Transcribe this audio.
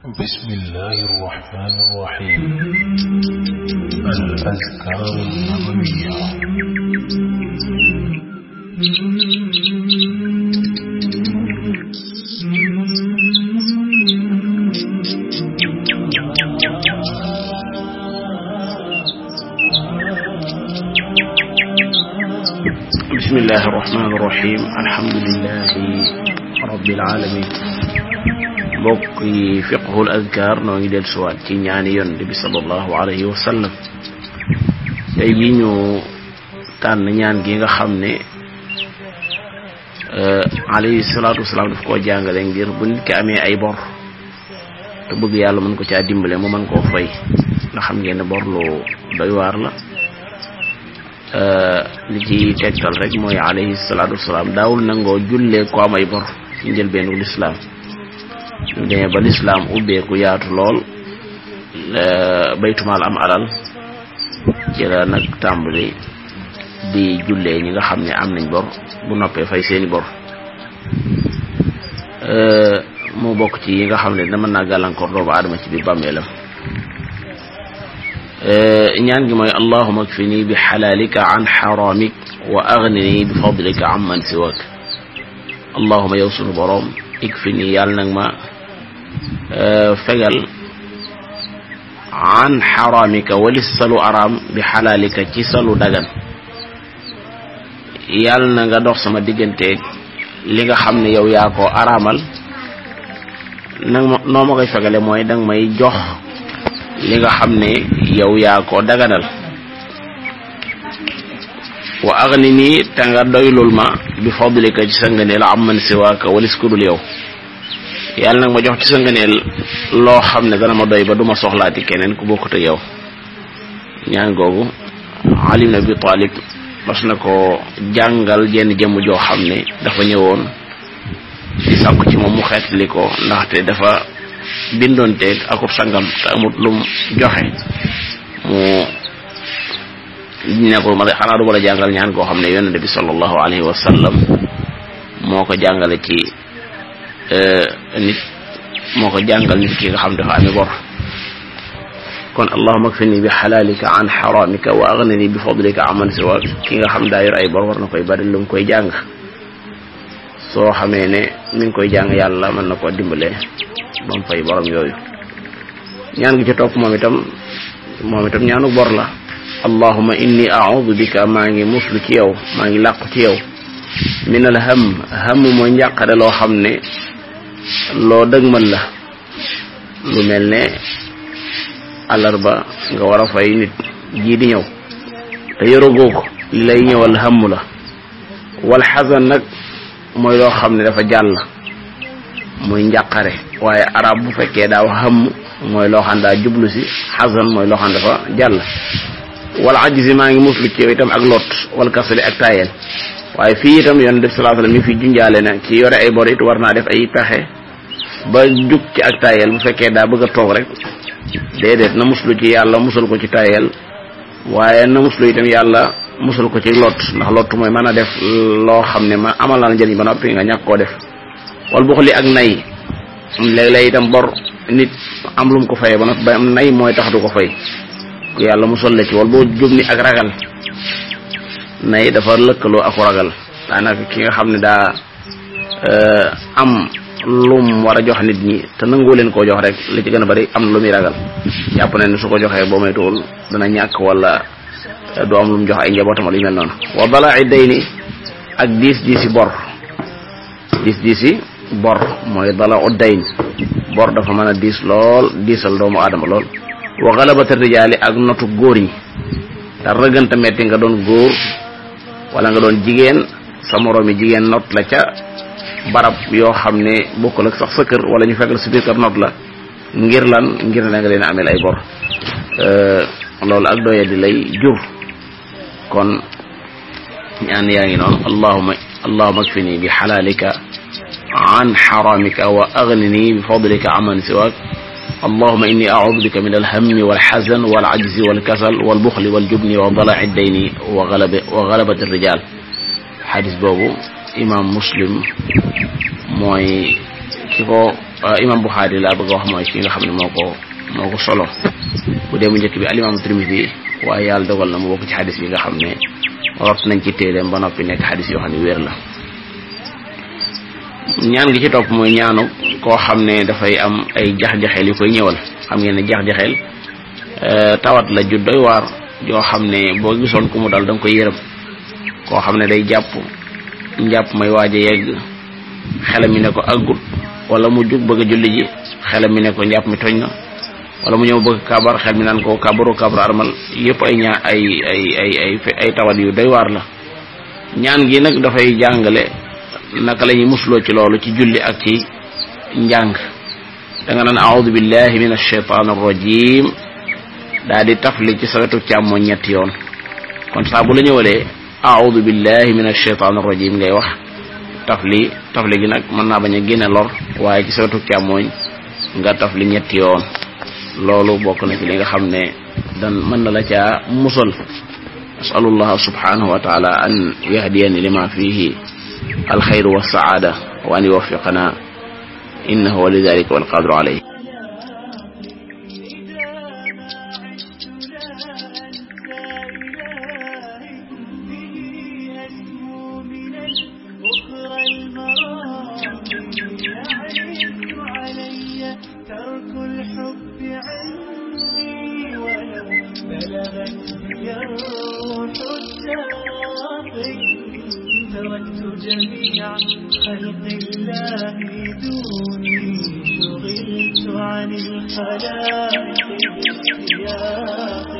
بسم الله الرحمن الرحيم الأذكار النبوية بسم الله الرحمن الرحيم الحمد لله رب العالمين mbokk yi fiqhul azkar noo ngi del suwaat ci ñaani yonent bi sallallahu alayhi wa sallam tey bi ñu tànn ñaan gi nga xam ne euh, alayhi salaatu wasalaam daf koo jàngale ngir bu nit amee ay bor te bëgg yàlla mën ko caa dimbale mu man koo fay nga xam ngeen ne bor lu doy waar la euh, li ci tegtal rek mooy alayhi salaatu wasalaam daawul nangoo jullee ko am ay bor ci njëlbeenu lislaam demee ba lislaam ubbeeku yaatu lool baytumaal am alal ci la nag tàmbali di jullee ñi nga xam ne am nañ bor bu noppee fay seeni bor euh, moo bokk ci yi nga xam ne dama naa gàllankoor doomu aadama ci biir bàmmeelam euh, ñaan gi mooy allahuma kfini bi xalaalika an xaraamik wa aghnini bi fadlika an man siwak allahuma yow sunu boroom ikfini yàlla nag ma fegal an xaraamika walis salu araam bi xalaalika ci salu dagan yàlla na nga dox sama digganteeg li nga xam ne yow yaa ko araamal nag ma fegale mooy danga may jox li nga xam ne yow yaa ko daganal wa agni nii te nga doylul ma bi fadlika ci sa ngëneel am siwaaka walis kudul yow yàlla nag ma jox ci sa loo xam ne dana ma doy ba duma soxlaati keneen ku bokkut ak yow ñaan googu Ali ibn Abi Talib mas na ko jàngal jenn jëmm joo xam ne dafa ñëwoon di sàkku ci moom mu xeetli ko ndaxte dafa bindoonteeg akub sangam te amut lum joxe mu ne ma xanaa du ma jàngal ñaan koo xam ne yonente bi sallallahu alayhi wa moo ko jàngale ci Euh, nit moo ko jàngal nit ki xam dafa amee bor kon allahuma akfini bi xalaalika an xaramika wa agnini bi fadlika aman xam daa yor ay bor war na koy bari lu mu koy jàng soo xamee ne mi ngi koy jàng yàlla mën na koo dimbale ba mu fay borom yooyu ñaan gi ci topp moom itam moom itam ñaanu bor la allahuma inni audu bika maa ngi muslu ci yow maa ngi làqu ci yow min alham ham mooy njàqare loo xam ne loo dëgmal la lu mel ne àllarba nga war a fay nit jii di ñëw te yorogoo ko li lay ñëwal xamu la wal xasan nag mooy loo xam ne dafa jàll muy njàqare waaye arab bu fekkee daa wax xamm mooy loo xam daa jublu si xasan mooy loo xam dafa jàll wal ajzi maa ngi muslu ci yow tam ak lot wal kasali ak tayel waaye fii tam yoon def sallallahu alayhi wasallam fi junjaale na ci yore ay borit war naa def ay pexe ba jug ci ak tayel bu fekkee daa bëgg a toog rek déedéet na muslu ci yàlla musul ko ci tayel waaye na muslu itam yàlla musul ko ci lot ndax lot mooy mën a def loo xam ne ma amal na njëriñ ba noppi nga ñàkk koo def wal bu xuli ak nay léeg-léeg itam bor nit am lu mu ko fayee ba noppi ba nay mooy tax du ko fay ku yàlla musal la ci wal boo jub ni ak ragal nay dafa lëkkaloo ak ragal daanaka ki nga xam ne daa euh, am lum war a jox nit ñi te nangoo leen koo jox rek li ci gën a bari am na lu muy ragal jàpp ne ni su ko joxee boo moytuwul dana ñàkk wala eh, du am lu mu jox ay njabootam wala yu mel noonu wa balaa day ni ak diis diisi bor bor mooy dala u bor dafa mën a diis lool diisal doomu aadama lool wa galabata rijaali ak notu góor ñi dara gënta metti nga doon góor wala nga doon jigéen sa moroomi jigéen not la ca barab yoo xam ne bokkul ak sax sa kër wala ñu fekk la si biir kër noot la ngir lan ngir na nga leen amel ay bor euh, loolu ak doye di lay jur kon ñaan yaa ngi noonu allahuma allahuma akfini bi xalaalika an xaramika wa agnini bi fadlika aman siwaak allahuma inni audu bika min alhammi walxazan walajzi walkasal walbuxli waljubni wa dalaaci ddayni wa galabati rijal xadis boobu imam muslim mooy ki ko euh, imam buxaari laa bëgg a wax mooy ki nga xam ne moo ko moo solo bu dee mu njëkk bi al imam tirmidi waaye yàlla dogal na mu bokk ci xadis yi nga xam ne rot nañ ci téeréem ba noppi nekk xadis yoo xam ne wér la ñaan gi ci mooy ñaanu koo xam ne dafay am ay jax-jaxeel koy ñëwal xam ngeen ne jax-jaxeel euh, tawat la ju doy waar yoo xam ne boo gisoon ku mu dal da koy yërëm koo xam ne day jàpp njàpp may waaj a yegg xelam mi ne ko aggut wala mu jug bëgg a julli ji xelam mi ne ko njàpp mi tooñ na wala mu ñëw bëgg kaabar xel mi naan ko kabaru kabaru armal yépp ay ñaa ay ay ay ay yu doy waar la ñaan gi nag dafay jàngale naka lañuy ñuy ci loolu ci julli ak ci njàng danga nga naan aoudu billahi min alcheitan arrajim daa di tafli ci sa wetu càmmoñ ñetti yoon kon saa bu la ñëwalee aoudu billahi min ashaitan irrajim ngay wax tafli tafli gi nag mën naa bañ a génne lor waaye ci sa wetu càmmooñ nga tafli ñetti yoon loolu bokk na ci li nga xam ne dan mën na la caa musal asalullah subhanahu wa taala an yahdiyani lima fihi alxayru wa saada wa an yuwaffiqana innahu wa lidalika walqadiru alayhi أدركت جميع خلق الله دوني شغلت عن الخلائق بالسياق